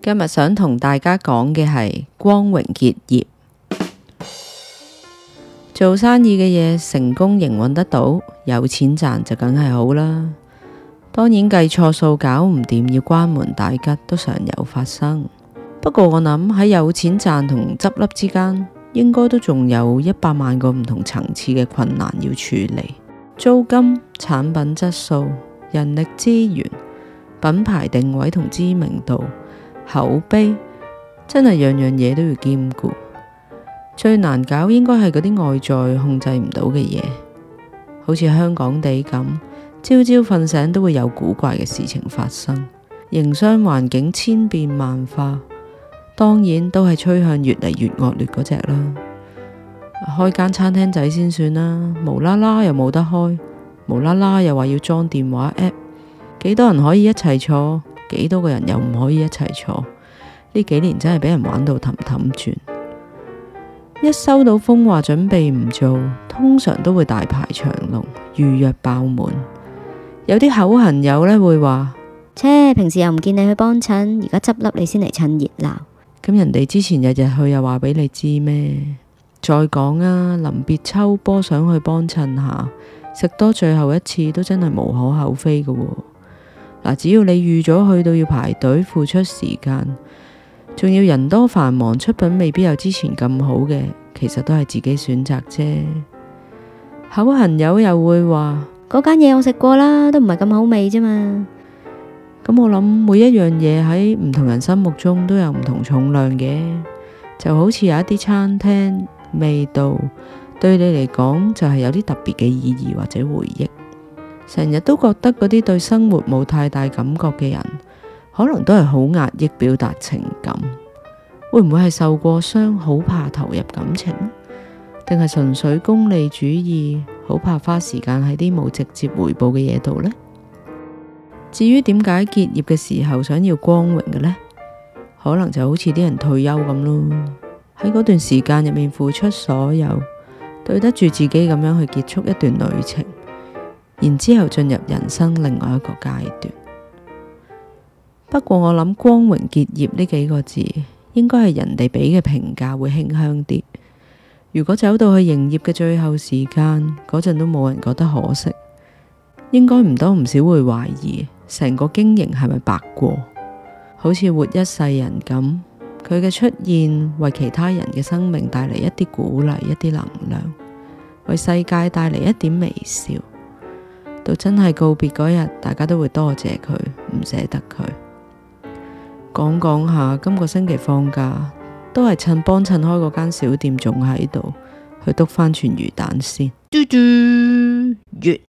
今日想同大家講嘅係光榮結業。做生意嘅嘢，成功營運得到，有錢賺就梗係好啦。當然計錯數、搞唔掂、要關門大吉都常有發生。不過我諗喺有錢賺同執笠之間，應該都仲有一百萬個唔同層次嘅困難要處理：租金、產品質素、人力資源。品牌定位同知名度、口碑，真係樣樣嘢都要兼顧。最難搞應該係嗰啲外在控制唔到嘅嘢，好似香港地咁，朝朝瞓醒都會有古怪嘅事情發生。營商環境千變萬化，當然都係趨向越嚟越惡劣嗰隻啦。開間餐廳仔先算啦，無啦啦又冇得開，無啦啦又話要裝電話 app。幾多人可以一齊坐？幾多個人又唔可以一齊坐？呢幾年真係俾人玩到氹氹轉。一收到風話準備唔做，通常都會大排長龍，預約爆滿。有啲口痕友呢會話：切，平時又唔見你去幫襯，而家執笠你先嚟趁熱鬧。咁人哋之前日日去又話俾你知咩？再講啊，臨別秋波想去幫襯下，食多最後一次都真係無可厚非㗎。嗱，只要你預咗去到要排隊，付出時間，仲要人多繁忙，出品未必有之前咁好嘅，其實都係自己選擇啫。口痕友又會話：嗰間嘢我食過啦，都唔係咁好味咋嘛。咁我諗每一樣嘢喺唔同人心目中都有唔同重量嘅，就好似有一啲餐廳味道對你嚟講就係有啲特別嘅意義或者回憶。成日都覺得嗰啲對生活冇太大感覺嘅人，可能都係好壓抑表達情感，會唔會係受過傷，好怕投入感情？定係純粹功利主義，好怕花時間喺啲冇直接回報嘅嘢度呢？至於點解結業嘅時候想要光榮嘅呢？可能就好似啲人退休咁咯，喺嗰段時間入面付出所有，對得住自己咁樣去結束一段旅程。然之後進入人生另外一個階段。不過我諗，光榮結業呢幾個字，應該係人哋俾嘅評價會輕香啲。如果走到去營業嘅最後時間，嗰陣都冇人覺得可惜，應該唔多唔少會懷疑成個經營係咪白過？好似活一世人咁，佢嘅出現為其他人嘅生命帶嚟一啲鼓勵、一啲能量，為世界帶嚟一點微笑。到真係告別嗰日，大家都會多謝佢，唔捨得佢。講講下，今個星期放假，都係趁幫襯開嗰間小店仲喺度，去篤返串魚蛋先。